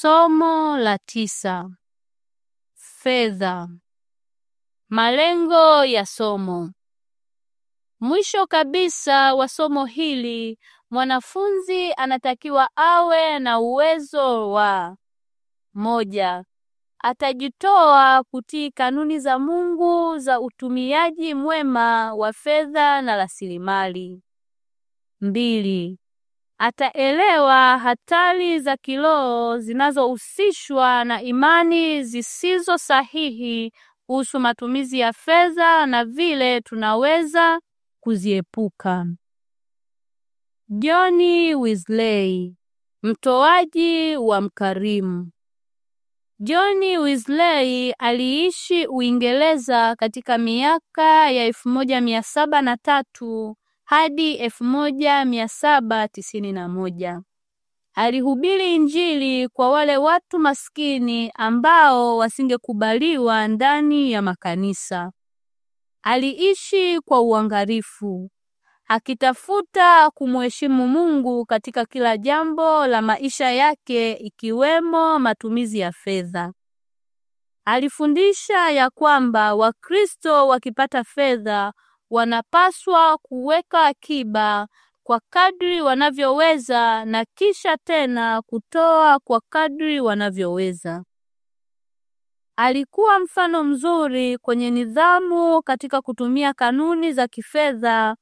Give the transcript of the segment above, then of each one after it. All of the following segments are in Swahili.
Somo la tisa: fedha. Malengo ya somo. Mwisho kabisa wa somo hili, mwanafunzi anatakiwa awe na uwezo wa moja, atajitoa kutii kanuni za Mungu za utumiaji mwema wa fedha na rasilimali. Mbili, ataelewa hatari za kiroho zinazohusishwa na imani zisizo sahihi kuhusu matumizi ya fedha na vile tunaweza kuziepuka. John Wesley, mtoaji wa mkarimu. John Wesley aliishi Uingereza katika miaka ya elfu moja mia saba na tatu hadi elfu moja mia saba tisini na moja. Alihubiri Injili kwa wale watu maskini ambao wasingekubaliwa ndani ya makanisa. Aliishi kwa uangalifu akitafuta kumheshimu Mungu katika kila jambo la maisha yake ikiwemo matumizi ya fedha. Alifundisha ya kwamba Wakristo wakipata fedha wanapaswa kuweka akiba kwa kadri wanavyoweza na kisha tena kutoa kwa kadri wanavyoweza. Alikuwa mfano mzuri kwenye nidhamu katika kutumia kanuni za kifedha.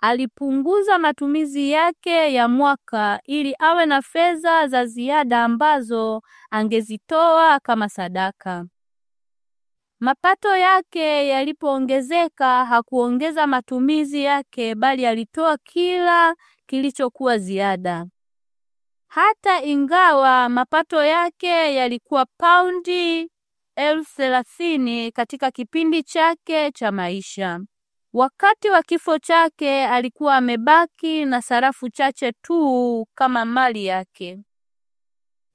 Alipunguza matumizi yake ya mwaka ili awe na fedha za ziada ambazo angezitoa kama sadaka. Mapato yake yalipoongezeka hakuongeza matumizi yake bali alitoa kila kilichokuwa ziada. Hata ingawa mapato yake yalikuwa paundi elfu thelathini katika kipindi chake cha maisha. Wakati wa kifo chake alikuwa amebaki na sarafu chache tu kama mali yake.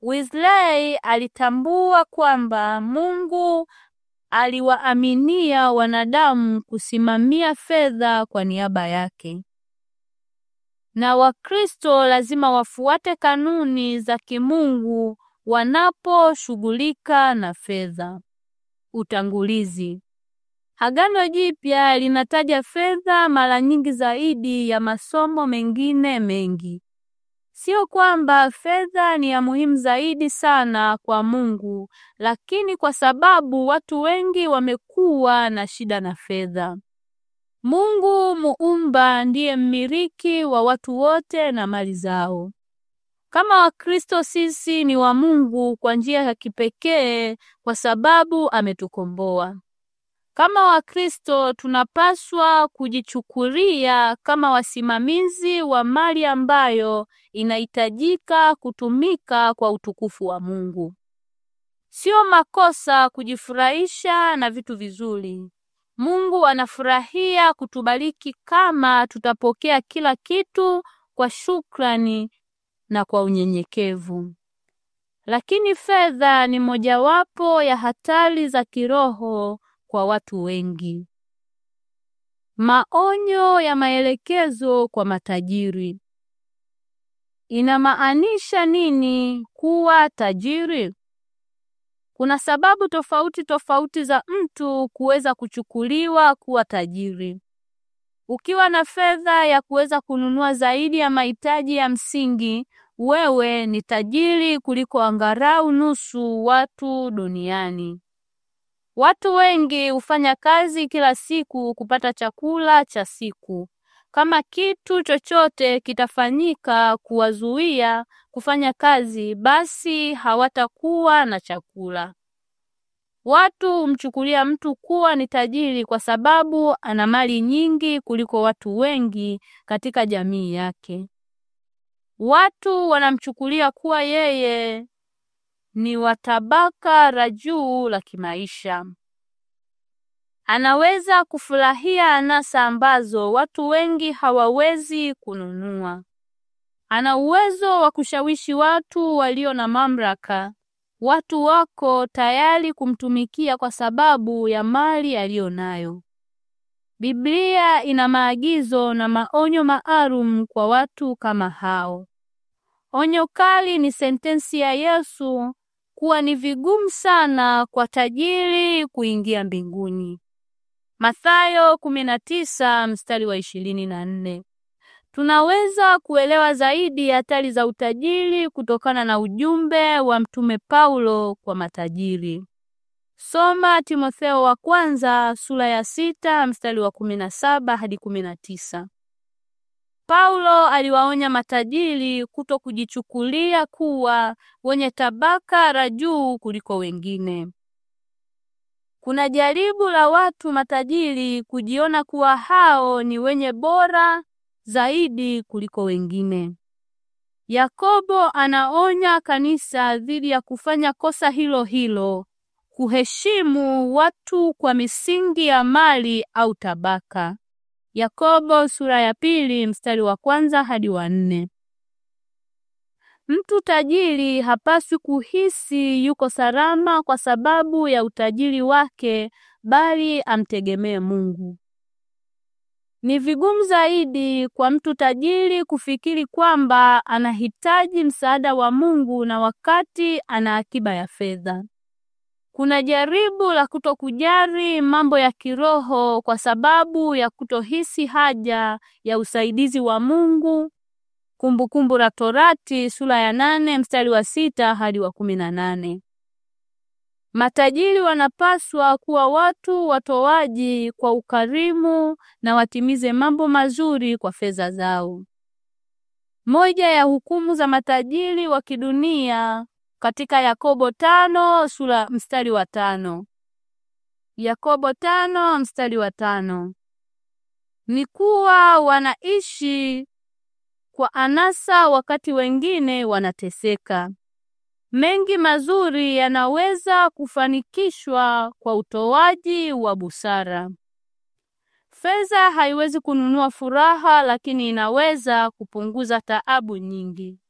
Wesley alitambua kwamba Mungu aliwaaminia wanadamu kusimamia fedha kwa niaba yake. Na Wakristo lazima wafuate kanuni za kimungu wanaposhughulika na fedha. Utangulizi. Agano Jipya linataja fedha mara nyingi zaidi ya masomo mengine mengi. Sio kwamba fedha ni ya muhimu zaidi sana kwa Mungu, lakini kwa sababu watu wengi wamekuwa na shida na fedha. Mungu muumba ndiye mmiliki wa watu wote na mali zao. Kama Wakristo sisi ni wa Mungu kwa njia ya kipekee kwa sababu ametukomboa. Kama Wakristo tunapaswa kujichukulia kama wasimamizi wa mali ambayo inahitajika kutumika kwa utukufu wa Mungu. Sio makosa kujifurahisha na vitu vizuri. Mungu anafurahia kutubariki kama tutapokea kila kitu kwa shukrani na kwa unyenyekevu. Lakini fedha ni mojawapo ya hatari za kiroho kwa watu wengi. Maonyo ya maelekezo kwa matajiri. Inamaanisha nini kuwa tajiri? Kuna sababu tofauti tofauti za mtu kuweza kuchukuliwa kuwa tajiri. Ukiwa na fedha ya kuweza kununua zaidi ya mahitaji ya msingi, wewe ni tajiri kuliko angalau nusu watu duniani. Watu wengi hufanya kazi kila siku kupata chakula cha siku. Kama kitu chochote kitafanyika kuwazuia kufanya kazi, basi hawatakuwa na chakula. Watu humchukulia mtu kuwa ni tajiri kwa sababu ana mali nyingi kuliko watu wengi katika jamii yake. Watu wanamchukulia kuwa yeye ni wa tabaka la juu la kimaisha. Anaweza kufurahia anasa ambazo watu wengi hawawezi kununua. Ana uwezo wa kushawishi watu walio na mamlaka. Watu wako tayari kumtumikia kwa sababu ya mali aliyonayo. Biblia ina maagizo na maonyo maalum kwa watu kama hao. Onyo kali ni sentensi ya Yesu kuwa ni vigumu sana kwa tajiri kuingia mbinguni. Mathayo 19 mstari wa 24. Tunaweza kuelewa zaidi hatari za utajiri kutokana na ujumbe wa Mtume Paulo kwa matajiri. Soma Timotheo wa kwanza sura ya sita mstari wa 17 hadi 19. Paulo aliwaonya matajiri kuto kujichukulia kuwa wenye tabaka la juu kuliko wengine. Kuna jaribu la watu matajiri kujiona kuwa hao ni wenye bora zaidi kuliko wengine. Yakobo anaonya kanisa dhidi ya kufanya kosa hilo hilo, kuheshimu watu kwa misingi ya mali au tabaka. Yakobo sura ya pili mstari wa kwanza hadi wa nne. Mtu tajiri hapaswi kuhisi yuko salama kwa sababu ya utajiri wake, bali amtegemee Mungu. Ni vigumu zaidi kwa mtu tajiri kufikiri kwamba anahitaji msaada wa Mungu na wakati ana akiba ya fedha. Kuna jaribu la kutokujali mambo ya kiroho kwa sababu ya kutohisi haja ya usaidizi wa Mungu. Kumbukumbu la Torati sura ya nane mstari wa sita hadi wa kumi na nane. Matajiri wanapaswa kuwa watu watoaji kwa ukarimu na watimize mambo mazuri kwa fedha zao. Moja ya hukumu za matajiri wa kidunia katika Yakobo tano sura mstari wa tano. Yakobo tano mstari wa tano ni kuwa wanaishi kwa anasa wakati wengine wanateseka. Mengi mazuri yanaweza kufanikishwa kwa utoaji wa busara. Fedha haiwezi kununua furaha, lakini inaweza kupunguza taabu nyingi.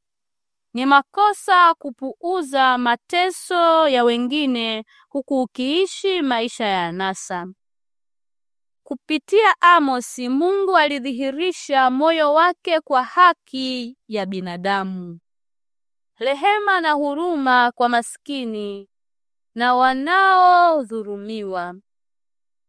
Ni makosa kupuuza mateso ya wengine huku ukiishi maisha ya anasa. Kupitia Amosi, Mungu alidhihirisha moyo wake kwa haki ya binadamu, rehema na huruma kwa maskini na wanaodhulumiwa.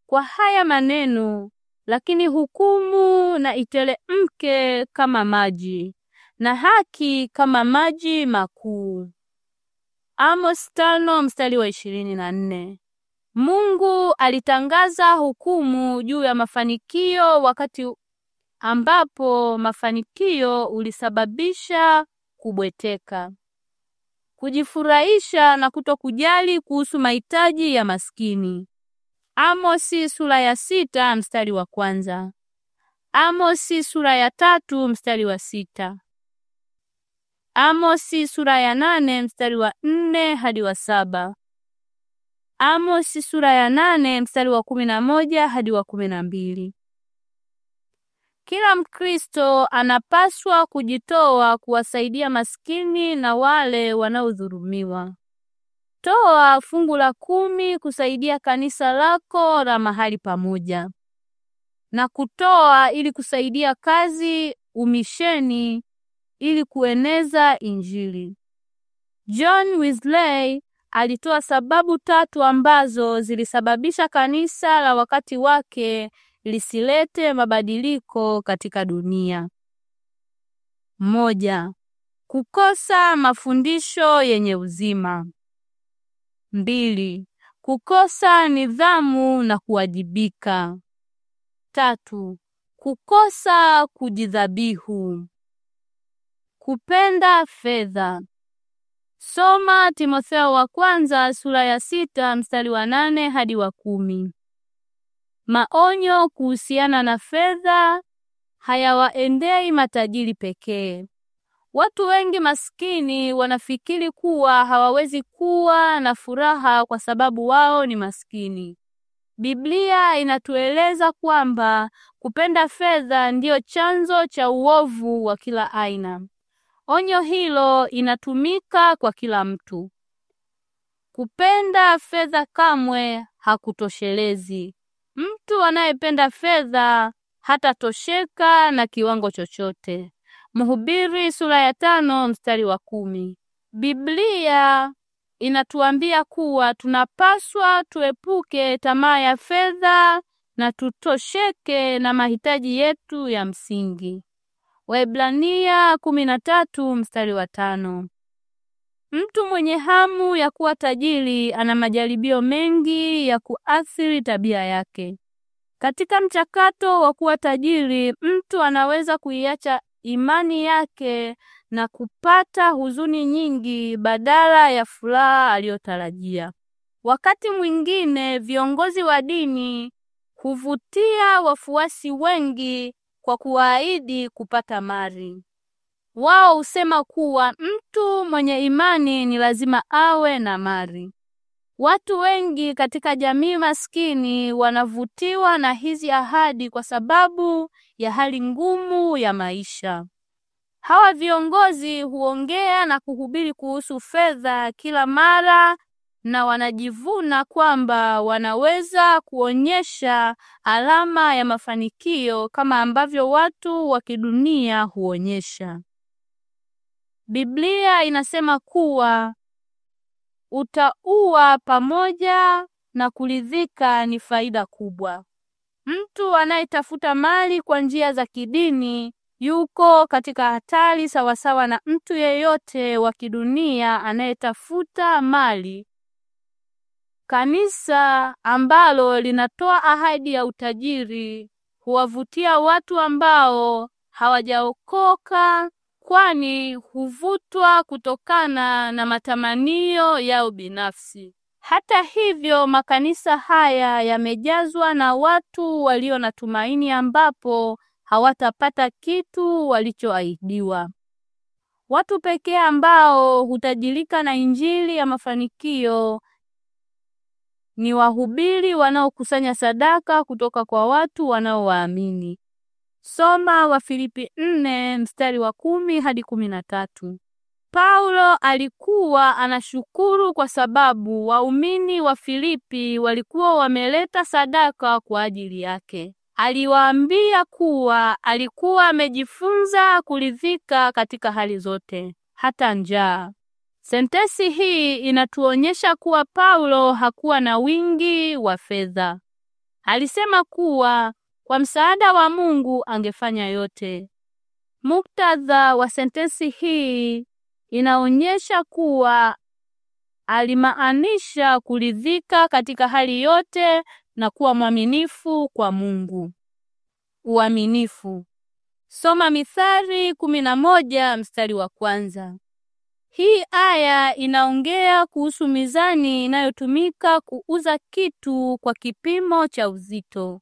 Kwa haya maneno, lakini hukumu na iteremke kama maji na haki kama maji makuu. Amos tano mstari wa ishirini na nne. Mungu alitangaza hukumu juu ya mafanikio wakati ambapo mafanikio ulisababisha kubweteka, kujifurahisha na kutokujali kuhusu mahitaji ya maskini. Amosi sura ya sita mstari wa kwanza. Amosi sura ya tatu mstari wa sita. Amosi sura ya nane mstari wa nne hadi wa saba. Amosi sura ya nane mstari wa kumi na moja hadi wa kumi na mbili. Kila Mkristo anapaswa kujitoa kuwasaidia maskini na wale wanaodhulumiwa. Toa fungu la kumi kusaidia kanisa lako la mahali pamoja, na kutoa ili kusaidia kazi, umisheni ili kueneza Injili. John Wesley alitoa sababu tatu ambazo zilisababisha kanisa la wakati wake lisilete mabadiliko katika dunia. Moja, kukosa mafundisho yenye uzima. Mbili, kukosa nidhamu na kuwajibika. Tatu, kukosa kujidhabihu. Kupenda fedha. Soma Timotheo wa kwanza sura ya sita mstari wa nane hadi wa kumi. Maonyo kuhusiana na fedha hayawaendei matajiri pekee. Watu wengi maskini wanafikiri kuwa hawawezi kuwa na furaha kwa sababu wao ni maskini. Biblia inatueleza kwamba kupenda fedha ndiyo chanzo cha uovu wa kila aina. Onyo hilo inatumika kwa kila mtu. Kupenda fedha kamwe hakutoshelezi. Mtu anayependa fedha hatatosheka na kiwango chochote. Mhubiri sura ya tano mstari wa kumi. Biblia inatuambia kuwa tunapaswa tuepuke tamaa ya fedha na tutosheke na mahitaji yetu ya msingi. Waebrania 13 mstari wa tano. Mtu mwenye hamu ya kuwa tajiri ana majaribio mengi ya kuathiri tabia yake. Katika mchakato wa kuwa tajiri, mtu anaweza kuiacha imani yake na kupata huzuni nyingi badala ya furaha aliyotarajia. Wakati mwingine viongozi wa dini huvutia wafuasi wengi kwa kuahidi kupata mali. Wao husema kuwa mtu mwenye imani ni lazima awe na mali. Watu wengi katika jamii maskini wanavutiwa na hizi ahadi kwa sababu ya hali ngumu ya maisha. Hawa viongozi huongea na kuhubiri kuhusu fedha kila mara na wanajivuna kwamba wanaweza kuonyesha alama ya mafanikio kama ambavyo watu wa kidunia huonyesha. Biblia inasema kuwa utaua pamoja na kuridhika ni faida kubwa. Mtu anayetafuta mali kwa njia za kidini yuko katika hatari sawasawa na mtu yeyote wa kidunia anayetafuta mali Kanisa ambalo linatoa ahadi ya utajiri huwavutia watu ambao hawajaokoka kwani huvutwa kutokana na matamanio yao binafsi. Hata hivyo, makanisa haya yamejazwa na watu walio na tumaini ambapo hawatapata kitu walichoahidiwa. Watu pekee ambao hutajirika na Injili ya mafanikio ni wahubiri wanaokusanya sadaka kutoka kwa watu wanaowaamini. Soma Wafilipi 4 mstari wa kumi hadi kumi na tatu. Paulo alikuwa anashukuru kwa sababu waumini wa Filipi walikuwa wameleta sadaka kwa ajili yake. Aliwaambia kuwa alikuwa amejifunza kuridhika katika hali zote, hata njaa. Sentensi hii inatuonyesha kuwa Paulo hakuwa na wingi wa fedha. Alisema kuwa kwa msaada wa Mungu angefanya yote. Muktadha wa sentensi hii inaonyesha kuwa alimaanisha kuridhika katika hali yote na kuwa mwaminifu kwa Mungu. Uaminifu. Soma Mithali 11 mstari wa kwanza. Hii aya inaongea kuhusu mizani inayotumika kuuza kitu kwa kipimo cha uzito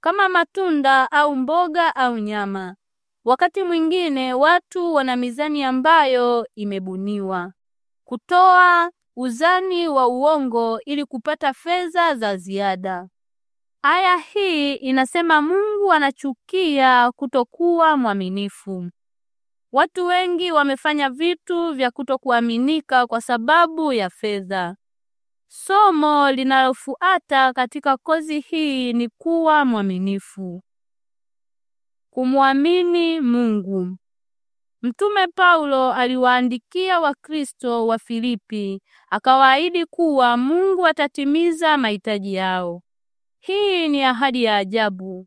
kama matunda au mboga au nyama. Wakati mwingine watu wana mizani ambayo imebuniwa kutoa uzani wa uongo ili kupata fedha za ziada. Aya hii inasema Mungu anachukia kutokuwa mwaminifu. Watu wengi wamefanya vitu vya kutokuaminika kwa sababu ya fedha. Somo linalofuata katika kozi hii ni kuwa mwaminifu. Kumwamini Mungu. Mtume Paulo aliwaandikia Wakristo wa Filipi akawaahidi kuwa Mungu atatimiza mahitaji yao. Hii ni ahadi ya ajabu.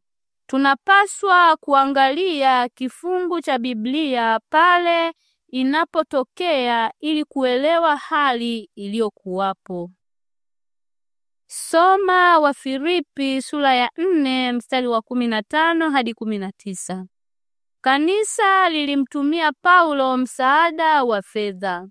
Tunapaswa kuangalia kifungu cha Biblia pale inapotokea ili kuelewa hali iliyokuwapo. Soma Wafilipi sura ya 4 mstari wa 15 hadi 19. Kanisa lilimtumia Paulo msaada wa fedha.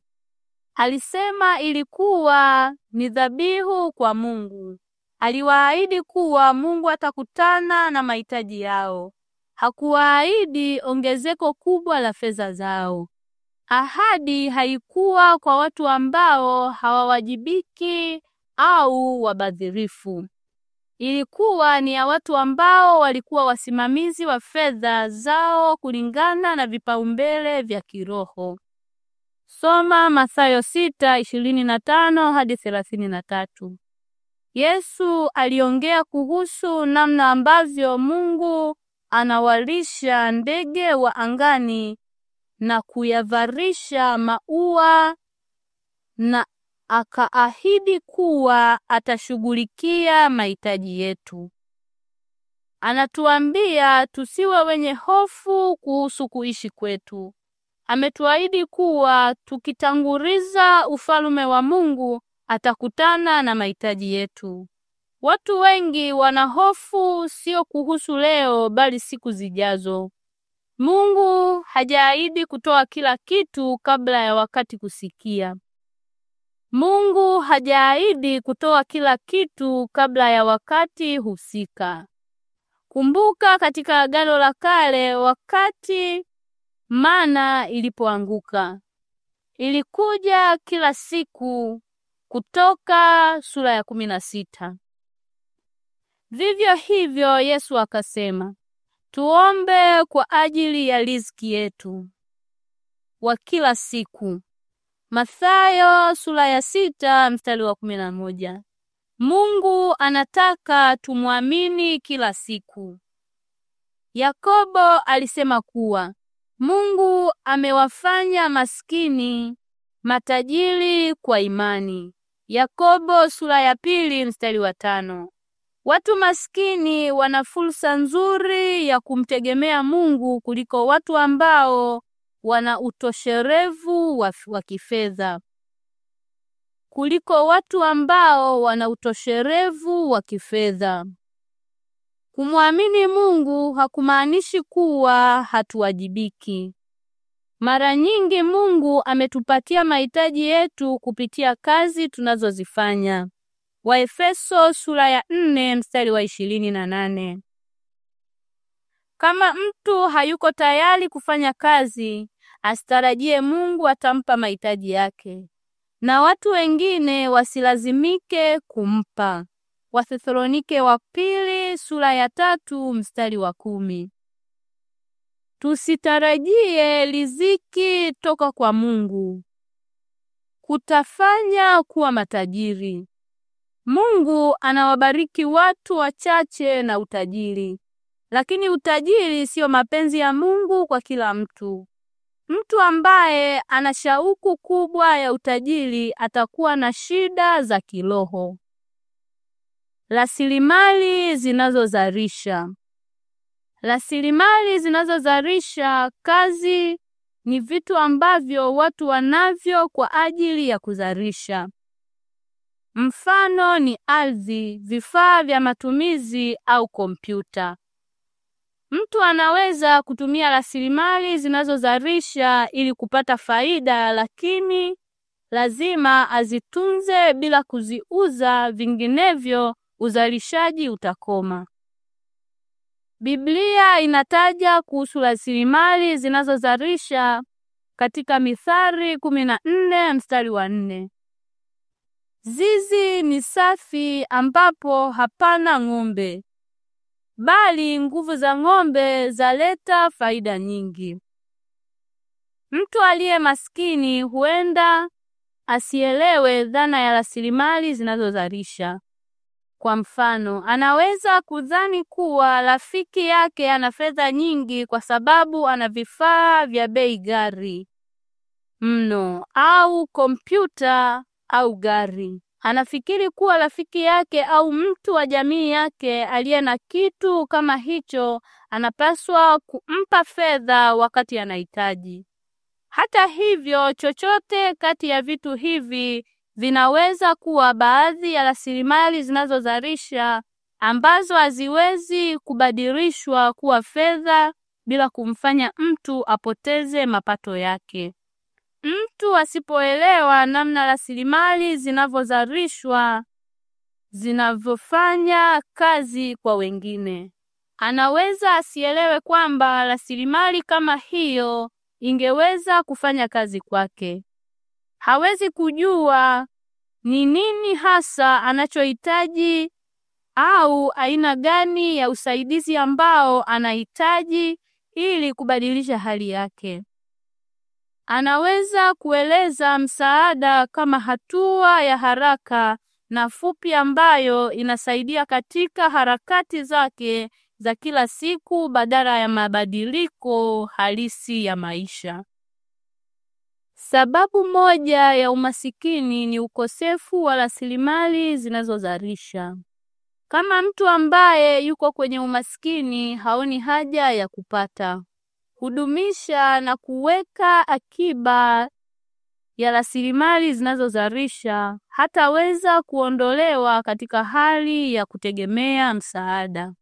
Alisema ilikuwa ni dhabihu kwa Mungu. Aliwaahidi kuwa Mungu atakutana na mahitaji yao. Hakuwaahidi ongezeko kubwa la fedha zao. Ahadi haikuwa kwa watu ambao hawawajibiki au wabadhirifu. Ilikuwa ni ya watu ambao walikuwa wasimamizi wa fedha zao kulingana na vipaumbele vya kiroho. Soma Mathayo 6:25 hadi 33. Yesu aliongea kuhusu namna ambavyo Mungu anawalisha ndege wa angani na kuyavarisha maua na akaahidi kuwa atashughulikia mahitaji yetu. Anatuambia tusiwe wenye hofu kuhusu kuishi kwetu. Ametuahidi kuwa tukitanguriza ufalme wa Mungu atakutana na mahitaji yetu. Watu wengi wana hofu sio kuhusu leo, bali siku zijazo. Mungu hajaahidi kutoa kila kitu kabla ya wakati kusikia. Mungu hajaahidi kutoa kila kitu kabla ya wakati husika. Kumbuka katika Agano la Kale, wakati mana ilipoanguka, ilikuja kila siku kutoka sura ya kumi na sita. Vivyo hivyo Yesu akasema, tuombe kwa ajili ya riziki yetu wa kila siku. Mathayo sura ya sita mstari wa kumi na moja. Mungu anataka tumwamini kila siku. Yakobo alisema kuwa Mungu amewafanya maskini matajiri kwa imani. Yakobo sura ya pili mstari wa tano. Watu maskini wana fursa nzuri ya kumtegemea Mungu kuliko watu ambao wana utosherevu wa, wa kifedha kuliko watu ambao wana utosherevu wa kifedha. Kumwamini Mungu hakumaanishi kuwa hatuwajibiki. Mara nyingi Mungu ametupatia mahitaji yetu kupitia kazi tunazozifanya. Waefeso sura ya nne mstari wa ishirini na nane. Kama mtu hayuko tayari kufanya kazi, asitarajie Mungu atampa mahitaji yake, na watu wengine wasilazimike kumpa. Wathesalonike wa pili sura ya tatu mstari wa kumi. Tusitarajie riziki toka kwa Mungu. Kutafanya kuwa matajiri. Mungu anawabariki watu wachache na utajiri. Lakini utajiri siyo mapenzi ya Mungu kwa kila mtu. Mtu ambaye ana shauku kubwa ya utajiri atakuwa na shida za kiroho. Rasilimali zinazozalisha. Rasilimali zinazozalisha kazi ni vitu ambavyo watu wanavyo kwa ajili ya kuzalisha. Mfano ni ardhi, vifaa vya matumizi au kompyuta. Mtu anaweza kutumia rasilimali zinazozalisha ili kupata faida, lakini lazima azitunze bila kuziuza, vinginevyo uzalishaji utakoma. Biblia inataja kuhusu rasilimali zinazozalisha katika Mithali kumi na nne mstari wa nne. Zizi ni safi ambapo hapana ng'ombe, bali nguvu za ng'ombe zaleta faida nyingi. Mtu aliye maskini huenda asielewe dhana ya rasilimali zinazozalisha. Kwa mfano, anaweza kudhani kuwa rafiki yake ana fedha nyingi kwa sababu ana vifaa vya bei ghali mno au kompyuta au gari. Anafikiri kuwa rafiki yake au mtu wa jamii yake aliye na kitu kama hicho anapaswa kumpa fedha wakati anahitaji. Hata hivyo, chochote kati ya vitu hivi vinaweza kuwa baadhi ya rasilimali zinazozalisha ambazo haziwezi kubadilishwa kuwa fedha bila kumfanya mtu apoteze mapato yake. Mtu asipoelewa namna rasilimali zinavyozalishwa zinavyofanya kazi kwa wengine, anaweza asielewe kwamba rasilimali kama hiyo ingeweza kufanya kazi kwake. Hawezi kujua ni nini hasa anachohitaji au aina gani ya usaidizi ambao anahitaji ili kubadilisha hali yake. Anaweza kueleza msaada kama hatua ya haraka na fupi ambayo inasaidia katika harakati zake za kila siku badala ya mabadiliko halisi ya maisha. Sababu moja ya umasikini ni ukosefu wa rasilimali zinazozalisha. Kama mtu ambaye yuko kwenye umasikini haoni haja ya kupata, hudumisha na kuweka akiba ya rasilimali zinazozalisha, hataweza kuondolewa katika hali ya kutegemea msaada.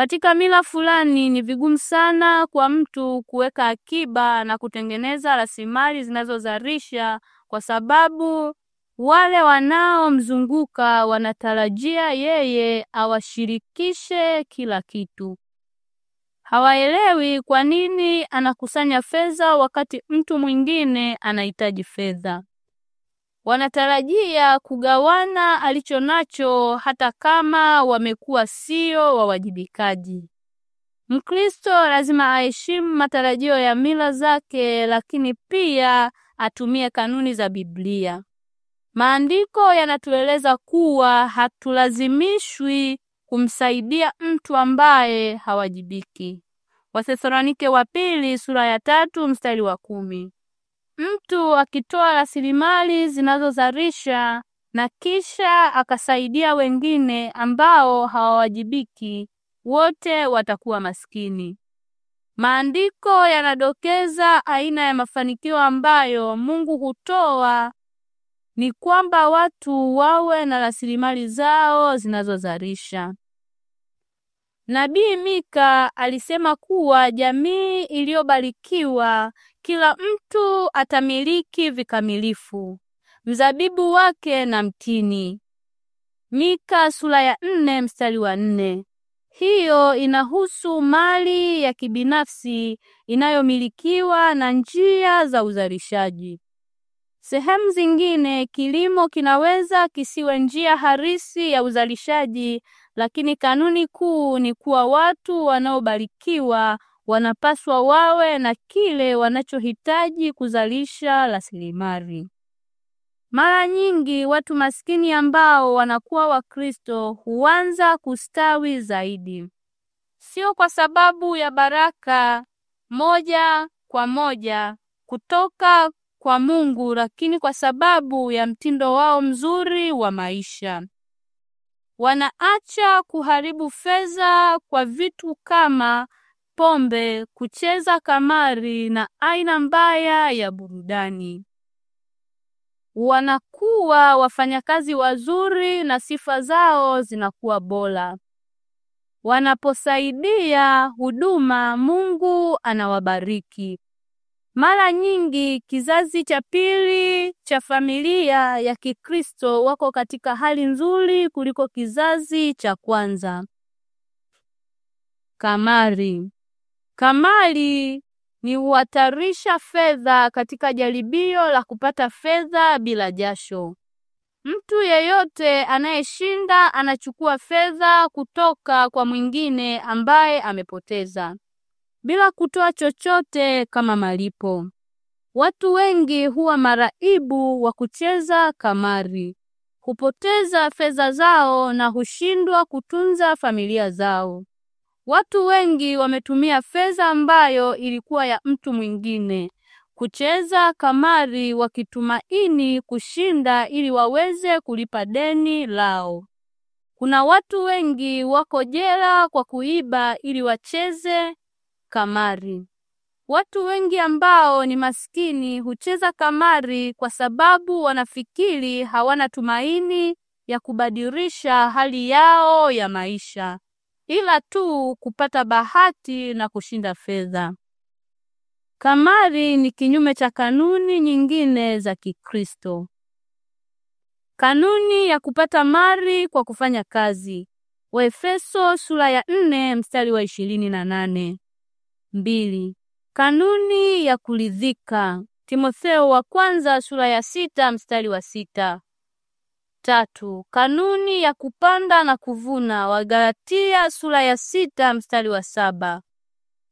Katika mila fulani ni vigumu sana kwa mtu kuweka akiba na kutengeneza rasilimali zinazozalisha kwa sababu wale wanaomzunguka wanatarajia yeye awashirikishe kila kitu. Hawaelewi kwa nini anakusanya fedha wakati mtu mwingine anahitaji fedha wanatarajia kugawana alichonacho hata kama wamekuwa sio wawajibikaji. Mkristo lazima aheshimu matarajio ya mila zake, lakini pia atumie kanuni za Biblia. Maandiko yanatueleza kuwa hatulazimishwi kumsaidia mtu ambaye hawajibiki. Wathesalonike wa pili sura ya tatu mstari wa kumi. Mtu akitoa rasilimali zinazozalisha na kisha akasaidia wengine ambao hawawajibiki, wote watakuwa maskini. Maandiko yanadokeza aina ya mafanikio ambayo Mungu hutoa ni kwamba watu wawe na rasilimali zao zinazozalisha. Nabii Mika alisema kuwa jamii iliyobarikiwa kila mtu atamiliki vikamilifu mzabibu wake na mtini. Mika sura ya nne mstari wa nne. Hiyo inahusu mali ya kibinafsi inayomilikiwa na njia za uzalishaji. Sehemu zingine kilimo kinaweza kisiwe njia harisi ya uzalishaji, lakini kanuni kuu ni kuwa watu wanaobarikiwa wanapaswa wawe na kile wanachohitaji kuzalisha rasilimali. Mara nyingi watu maskini ambao wanakuwa Wakristo huanza kustawi zaidi, sio kwa sababu ya baraka moja kwa moja kutoka kwa Mungu, lakini kwa sababu ya mtindo wao mzuri wa maisha. Wanaacha kuharibu fedha kwa vitu kama pombe, kucheza kamari na aina mbaya ya burudani. Wanakuwa wafanyakazi wazuri na sifa zao zinakuwa bora. Wanaposaidia huduma, Mungu anawabariki. Mara nyingi kizazi cha pili cha familia ya Kikristo wako katika hali nzuri kuliko kizazi cha kwanza. Kamari. Kamari ni huhatarisha fedha katika jaribio la kupata fedha bila jasho. Mtu yeyote anayeshinda anachukua fedha kutoka kwa mwingine ambaye amepoteza bila kutoa chochote kama malipo. Watu wengi huwa maraibu wa kucheza kamari, hupoteza fedha zao na hushindwa kutunza familia zao. Watu wengi wametumia fedha ambayo ilikuwa ya mtu mwingine kucheza kamari wakitumaini kushinda ili waweze kulipa deni lao. Kuna watu wengi wako jela kwa kuiba ili wacheze kamari. Watu wengi ambao ni maskini hucheza kamari kwa sababu wanafikiri hawana tumaini ya kubadilisha hali yao ya maisha ila tu kupata bahati na kushinda fedha. Kamari ni kinyume cha kanuni nyingine za Kikristo. Kanuni ya kupata mali kwa kufanya kazi. Waefeso sura ya nne mstari wa ishirini na nane. Mbili. Kanuni ya kuridhika. Timotheo wa kwanza sura ya sita mstari wa sita tatu. Kanuni ya kupanda na kuvuna, Wagalatia sura ya sita mstari wa saba.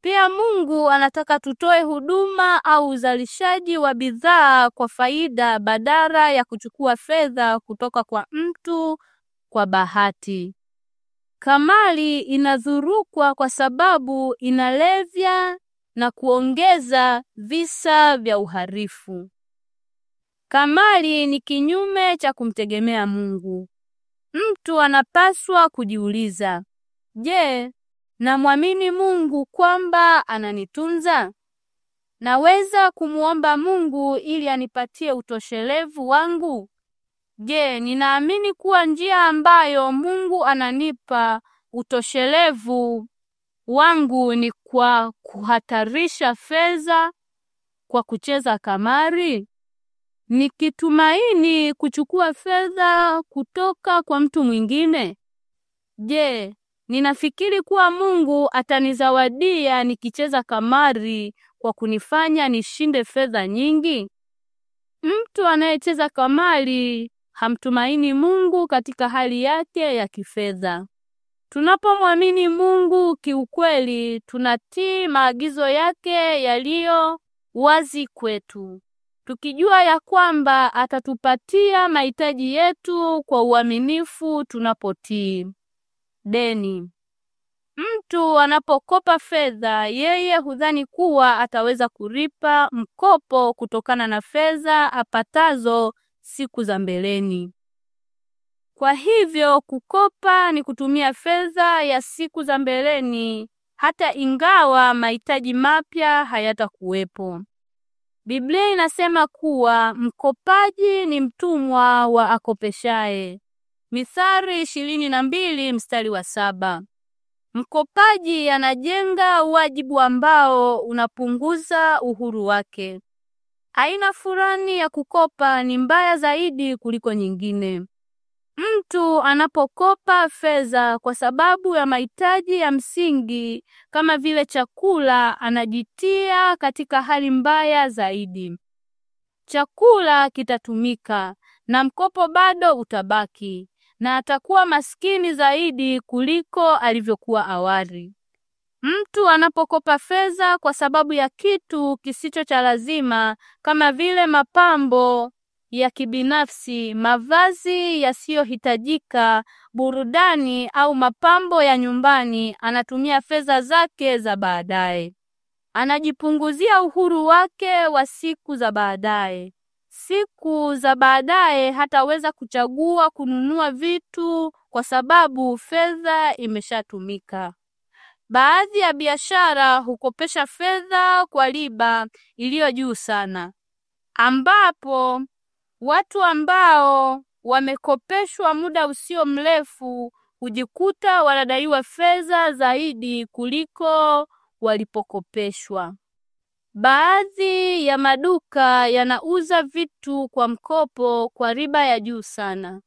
Pia Mungu anataka tutoe huduma au uzalishaji wa bidhaa kwa faida badala ya kuchukua fedha kutoka kwa mtu kwa bahati. kamali inadhurukwa kwa sababu inalevya na kuongeza visa vya uharifu Kamari ni kinyume cha kumtegemea Mungu. Mtu anapaswa kujiuliza, je, namwamini Mungu kwamba ananitunza? Naweza kumuomba Mungu ili anipatie utoshelevu wangu? Je, ninaamini kuwa njia ambayo Mungu ananipa utoshelevu wangu ni kwa kuhatarisha fedha kwa kucheza kamari? nikitumaini kuchukua fedha kutoka kwa mtu mwingine? Je, ninafikiri kuwa Mungu atanizawadia nikicheza kamari kwa kunifanya nishinde fedha nyingi? Mtu anayecheza kamari hamtumaini Mungu katika hali yake ya kifedha. Tunapomwamini Mungu kiukweli, tunatii maagizo yake yaliyo wazi kwetu tukijua ya kwamba atatupatia mahitaji yetu kwa uaminifu tunapotii. Deni. Mtu anapokopa fedha, yeye hudhani kuwa ataweza kulipa mkopo kutokana na fedha apatazo siku za mbeleni. Kwa hivyo kukopa ni kutumia fedha ya siku za mbeleni hata ingawa mahitaji mapya hayatakuwepo. Biblia inasema kuwa mkopaji ni mtumwa wa akopeshaye. Mithali ishirini na mbili mstari wa saba. Mkopaji anajenga wajibu ambao unapunguza uhuru wake. Aina fulani ya kukopa ni mbaya zaidi kuliko nyingine. Mtu anapokopa fedha kwa sababu ya mahitaji ya msingi kama vile chakula, anajitia katika hali mbaya zaidi. Chakula kitatumika na mkopo bado utabaki na atakuwa maskini zaidi kuliko alivyokuwa awali. Mtu anapokopa fedha kwa sababu ya kitu kisicho cha lazima kama vile mapambo, ya kibinafsi, mavazi yasiyohitajika, burudani au mapambo ya nyumbani. Anatumia fedha zake za baadaye, anajipunguzia uhuru wake wa siku za baadaye. Siku za baadaye hataweza kuchagua kununua vitu kwa sababu fedha imeshatumika. Baadhi ya biashara hukopesha fedha kwa riba iliyo juu sana ambapo Watu ambao wamekopeshwa muda usio mrefu hujikuta wanadaiwa fedha zaidi kuliko walipokopeshwa. Baadhi ya maduka yanauza vitu kwa mkopo kwa riba ya juu sana.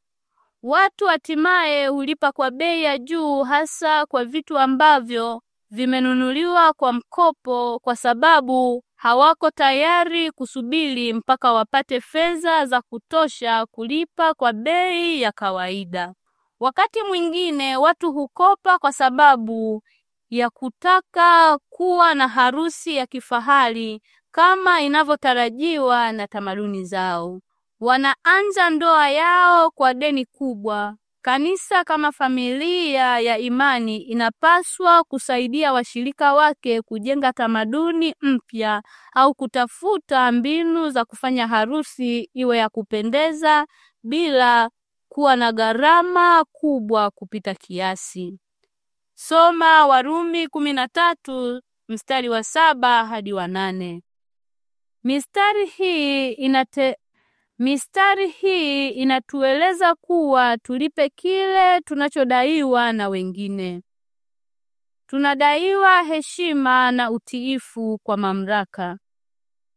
Watu hatimaye hulipa kwa bei ya juu hasa kwa vitu ambavyo vimenunuliwa kwa mkopo kwa sababu hawako tayari kusubiri mpaka wapate fedha za kutosha kulipa kwa bei ya kawaida. Wakati mwingine watu hukopa kwa sababu ya kutaka kuwa na harusi ya kifahari kama inavyotarajiwa na tamaduni zao. Wanaanza ndoa yao kwa deni kubwa Kanisa kama familia ya imani inapaswa kusaidia washirika wake kujenga tamaduni mpya au kutafuta mbinu za kufanya harusi iwe ya kupendeza bila kuwa na gharama kubwa kupita kiasi. Soma Warumi 13 mstari wa saba hadi wa nane. Mistari hii inate, Mistari hii inatueleza kuwa tulipe kile tunachodaiwa na wengine. Tunadaiwa heshima na utiifu kwa mamlaka.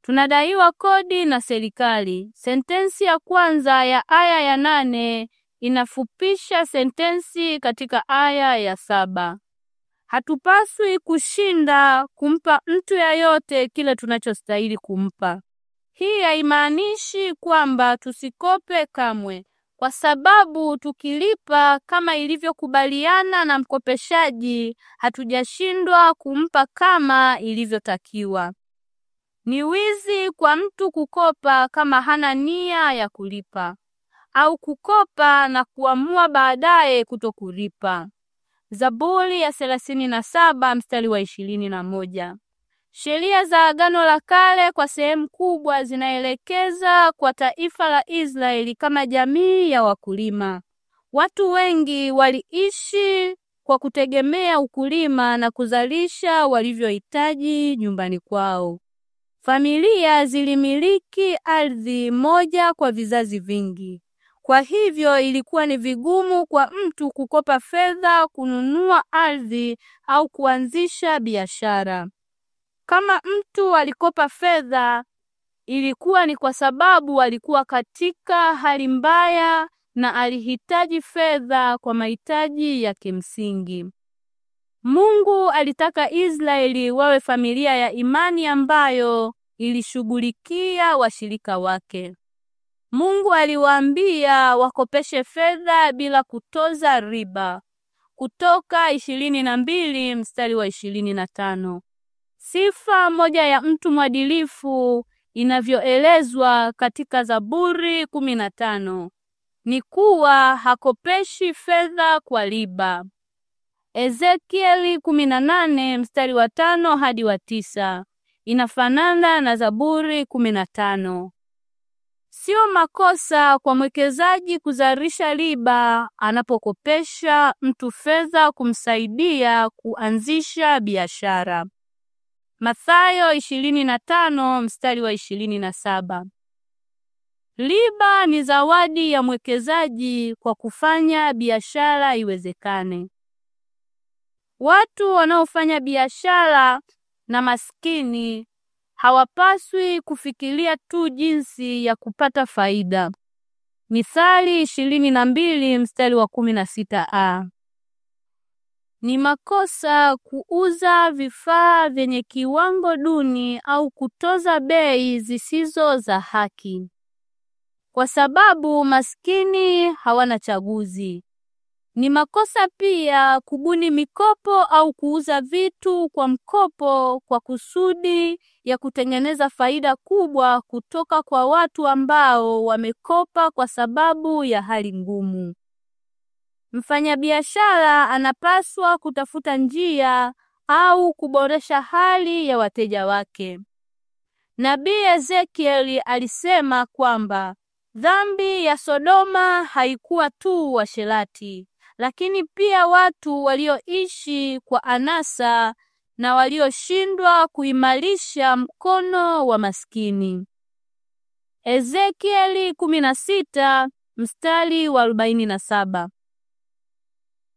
Tunadaiwa kodi na serikali. Sentensi ya kwanza ya aya ya nane inafupisha sentensi katika aya ya saba. Hatupaswi kushinda kumpa mtu yeyote kile tunachostahili kumpa. Hii haimaanishi kwamba tusikope kamwe, kwa sababu tukilipa kama ilivyokubaliana na mkopeshaji, hatujashindwa kumpa kama ilivyotakiwa. Ni wizi kwa mtu kukopa kama hana nia ya kulipa au kukopa na kuamua baadaye kutokulipa. Zaburi ya 37 mstari wa 21. Sheria za Agano la Kale kwa sehemu kubwa zinaelekeza kwa taifa la Israeli kama jamii ya wakulima. Watu wengi waliishi kwa kutegemea ukulima na kuzalisha walivyohitaji nyumbani kwao. Familia zilimiliki ardhi moja kwa vizazi vingi. Kwa hivyo ilikuwa ni vigumu kwa mtu kukopa fedha kununua ardhi au kuanzisha biashara. Kama mtu alikopa fedha, ilikuwa ni kwa sababu alikuwa katika hali mbaya na alihitaji fedha kwa mahitaji ya kimsingi. Mungu alitaka Israeli wawe familia ya imani ambayo ilishughulikia washirika wake. Mungu aliwaambia wakopeshe fedha bila kutoza riba, Kutoka ishirini na mbili mstari wa ishirini na tano. Sifa moja ya mtu mwadilifu inavyoelezwa katika Zaburi 15 tano ni kuwa hakopeshi fedha kwa riba. Ezekieli na nane mstari wa tano hadi wa tisa inafanana na Zaburi tano. Sio makosa kwa mwekezaji kuzalisha riba anapokopesha mtu fedha kumsaidia kuanzisha biashara. Mathayo 25 mstari wa 27. Riba ni zawadi ya mwekezaji kwa kufanya biashara iwezekane. Watu wanaofanya biashara na maskini hawapaswi kufikiria tu jinsi ya kupata faida. Mithali 22 mstari wa 16a. Ni makosa kuuza vifaa vyenye kiwango duni au kutoza bei zisizo za haki. Kwa sababu maskini hawana chaguzi. Ni makosa pia kubuni mikopo au kuuza vitu kwa mkopo kwa kusudi ya kutengeneza faida kubwa kutoka kwa watu ambao wamekopa kwa sababu ya hali ngumu. Mfanyabiashara anapaswa kutafuta njia au kuboresha hali ya wateja wake. Nabii Ezekieli alisema kwamba dhambi ya Sodoma haikuwa tu washerati, lakini pia watu walioishi kwa anasa na walioshindwa kuimarisha mkono wa maskini. Ezekieli 16 mstari wa 47.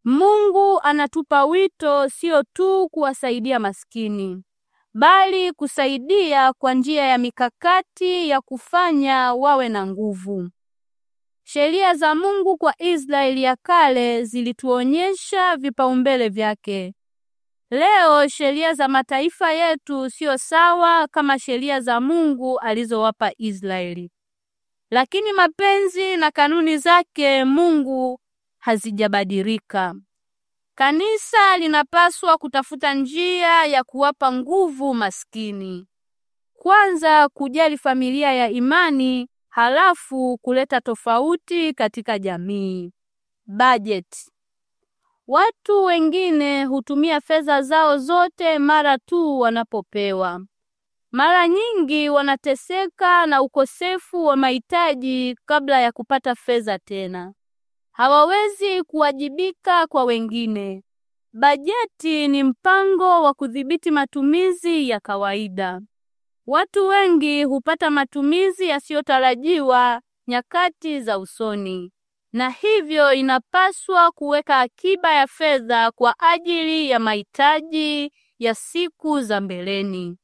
Mungu anatupa wito sio tu kuwasaidia maskini, bali kusaidia kwa njia ya mikakati ya kufanya wawe na nguvu. Sheria za Mungu kwa Israeli ya kale zilituonyesha vipaumbele vyake. Leo sheria za mataifa yetu sio sawa kama sheria za Mungu alizowapa Israeli. Lakini mapenzi na kanuni zake Mungu hazijabadilika. Kanisa linapaswa kutafuta njia ya kuwapa nguvu maskini. Kwanza kujali familia ya imani, halafu kuleta tofauti katika jamii. Budget. Watu wengine hutumia fedha zao zote mara tu wanapopewa. Mara nyingi wanateseka na ukosefu wa mahitaji kabla ya kupata fedha tena hawawezi kuwajibika kwa wengine. Bajeti ni mpango wa kudhibiti matumizi ya kawaida. Watu wengi hupata matumizi yasiyotarajiwa nyakati za usoni, na hivyo inapaswa kuweka akiba ya fedha kwa ajili ya mahitaji ya siku za mbeleni.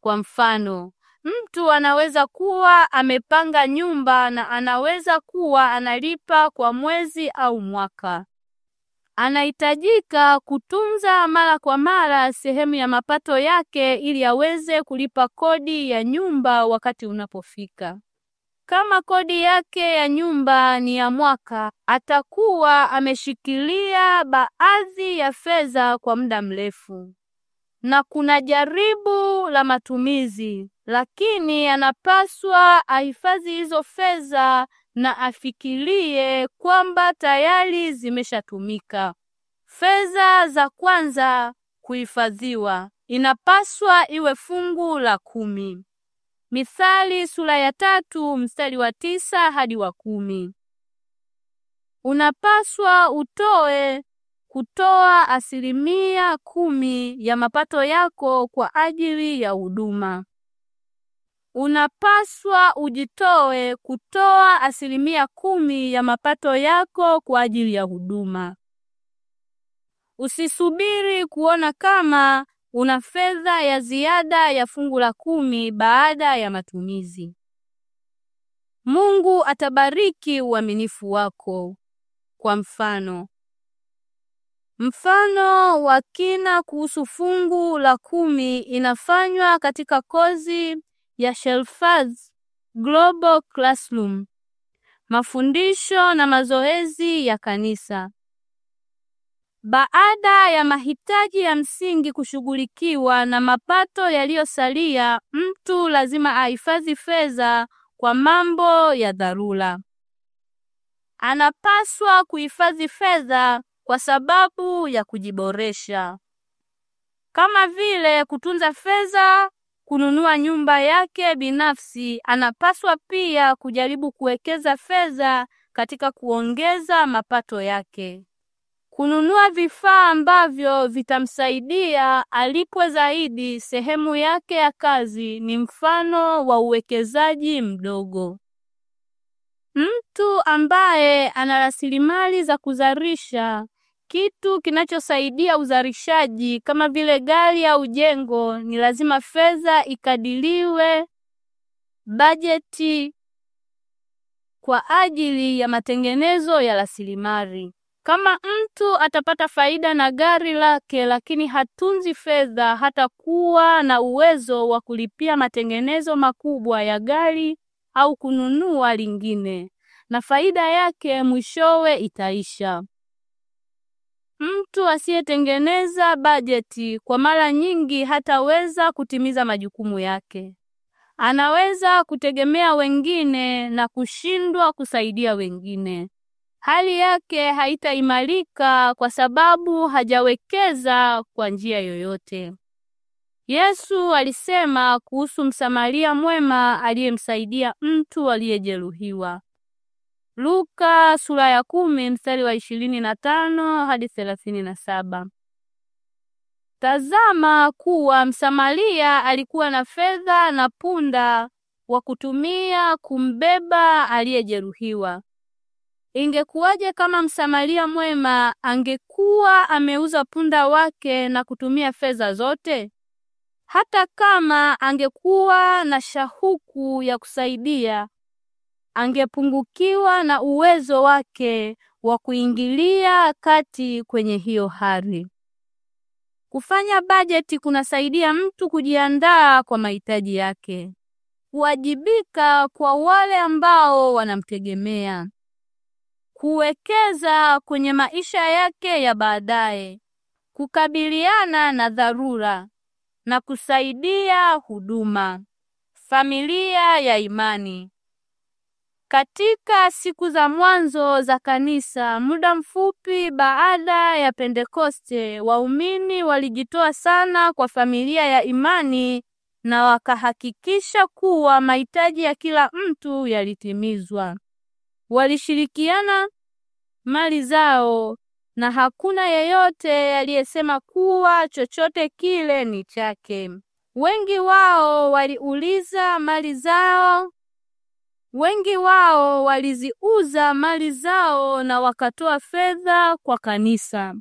Kwa mfano, Mtu anaweza kuwa amepanga nyumba na anaweza kuwa analipa kwa mwezi au mwaka. Anahitajika kutunza mara kwa mara sehemu ya mapato yake ili aweze kulipa kodi ya nyumba wakati unapofika. Kama kodi yake ya nyumba ni ya mwaka, atakuwa ameshikilia baadhi ya fedha kwa muda mrefu. Na kuna jaribu la matumizi lakini anapaswa ahifadhi hizo fedha na afikirie kwamba tayari zimeshatumika. Fedha za kwanza kuhifadhiwa inapaswa iwe fungu la kumi. Mithali sura ya tatu mstari wa tisa hadi wa kumi. Unapaswa utoe kutoa asilimia kumi ya mapato yako kwa ajili ya huduma unapaswa ujitoe kutoa asilimia kumi ya mapato yako kwa ajili ya huduma. Usisubiri kuona kama una fedha ya ziada ya fungu la kumi baada ya matumizi. Mungu atabariki uaminifu wako. Kwa mfano, mfano wa kina kuhusu fungu la kumi inafanywa katika kozi ya Shelfaz Global Classroom, mafundisho na mazoezi ya kanisa. Baada ya mahitaji ya msingi kushughulikiwa na mapato yaliyosalia, mtu lazima ahifadhi fedha kwa mambo ya dharura. Anapaswa kuhifadhi fedha kwa sababu ya kujiboresha, kama vile kutunza fedha kununua nyumba yake binafsi, anapaswa pia kujaribu kuwekeza fedha katika kuongeza mapato yake, kununua vifaa ambavyo vitamsaidia alipwe zaidi sehemu yake ya kazi ni mfano wa uwekezaji mdogo. Mtu ambaye ana rasilimali za kuzalisha kitu kinachosaidia uzalishaji kama vile gari au jengo, ni lazima fedha ikadiriwe bajeti kwa ajili ya matengenezo ya rasilimali. Kama mtu atapata faida na gari lake lakini hatunzi fedha, hatakuwa na uwezo wa kulipia matengenezo makubwa ya gari au kununua lingine, na faida yake mwishowe itaisha. Mtu asiyetengeneza bajeti kwa mara nyingi hataweza kutimiza majukumu yake. Anaweza kutegemea wengine na kushindwa kusaidia wengine. Hali yake haitaimarika kwa sababu hajawekeza kwa njia yoyote. Yesu alisema kuhusu Msamaria mwema aliyemsaidia mtu aliyejeruhiwa. Luka sura ya kumi mstari wa ishirini na tano hadi thelathini na saba. Tazama kuwa Msamaria alikuwa na fedha na punda wa kutumia kumbeba aliyejeruhiwa. Ingekuwaje kama Msamaria mwema angekuwa ameuza punda wake na kutumia fedha zote? Hata kama angekuwa na shahuku ya kusaidia, angepungukiwa na uwezo wake wa kuingilia kati kwenye hiyo hali. Kufanya bajeti kunasaidia mtu kujiandaa kwa mahitaji yake, kuwajibika kwa wale ambao wanamtegemea, kuwekeza kwenye maisha yake ya baadaye, kukabiliana na dharura na kusaidia huduma. Familia ya imani. Katika siku za mwanzo za kanisa, muda mfupi baada ya Pentekoste, waumini walijitoa sana kwa familia ya imani na wakahakikisha kuwa mahitaji ya kila mtu yalitimizwa. Walishirikiana mali zao na hakuna yeyote aliyesema kuwa chochote kile ni chake. Wengi wao waliuliza mali zao Wengi wao waliziuza mali zao na wakatoa fedha kwa kanisa.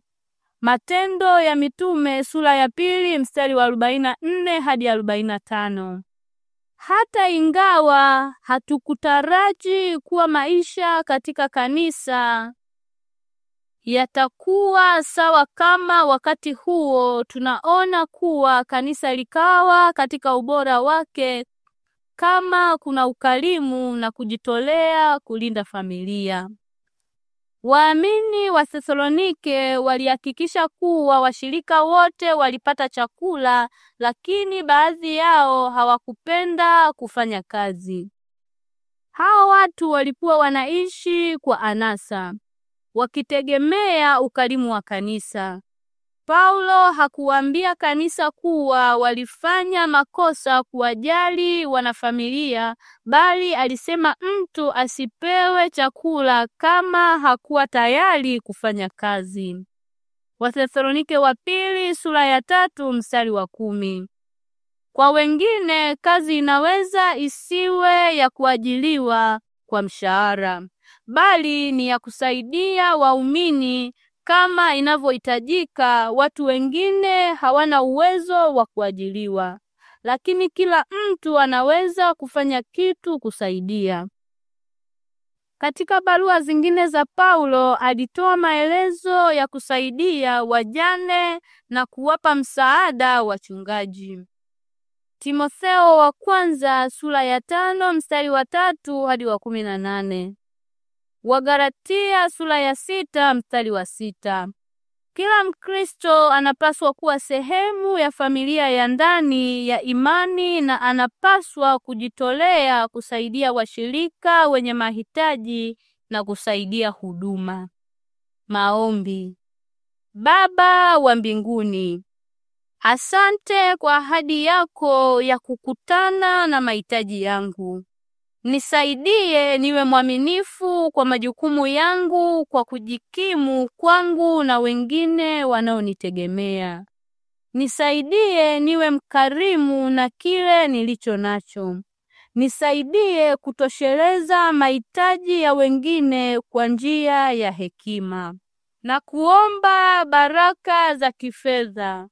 Matendo ya Mitume sura ya pili mstari wa 44 hadi 45. Hata ingawa hatukutaraji kuwa maisha katika kanisa yatakuwa sawa kama wakati huo, tunaona kuwa kanisa likawa katika ubora wake kama kuna ukarimu na kujitolea kulinda familia. Waamini wa Thesalonike walihakikisha kuwa washirika wote walipata chakula, lakini baadhi yao hawakupenda kufanya kazi. Hao watu walikuwa wanaishi kwa anasa, wakitegemea ukarimu wa kanisa. Paulo hakuambia kanisa kuwa walifanya makosa kuwajali wanafamilia, bali alisema mtu asipewe chakula kama hakuwa tayari kufanya kazi. Wathesalonike wa pili sura ya tatu mstari wa kumi. Kwa wengine kazi inaweza isiwe ya kuajiliwa kwa mshahara, bali ni ya kusaidia waumini kama inavyohitajika. Watu wengine hawana uwezo wa kuajiriwa, lakini kila mtu anaweza kufanya kitu kusaidia. Katika barua zingine za Paulo alitoa maelezo ya kusaidia wajane na kuwapa msaada wachungaji. Timotheo wa kwanza sura ya tano mstari wa tatu hadi wa kumi na nane. Wagalatia sura ya sita mstari wa sita. Kila Mkristo anapaswa kuwa sehemu ya familia ya ndani ya imani na anapaswa kujitolea kusaidia washirika wenye mahitaji na kusaidia huduma. Maombi. Baba wa mbinguni, asante kwa ahadi yako ya kukutana na mahitaji yangu. Nisaidie niwe mwaminifu kwa majukumu yangu kwa kujikimu kwangu na wengine wanaonitegemea. Nisaidie niwe mkarimu na kile nilicho nacho. Nisaidie kutosheleza mahitaji ya wengine kwa njia ya hekima. Na kuomba baraka za kifedha.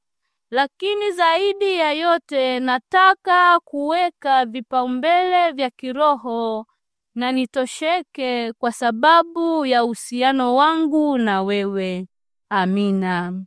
Lakini zaidi ya yote nataka kuweka vipaumbele vya kiroho na nitosheke kwa sababu ya uhusiano wangu na wewe. Amina.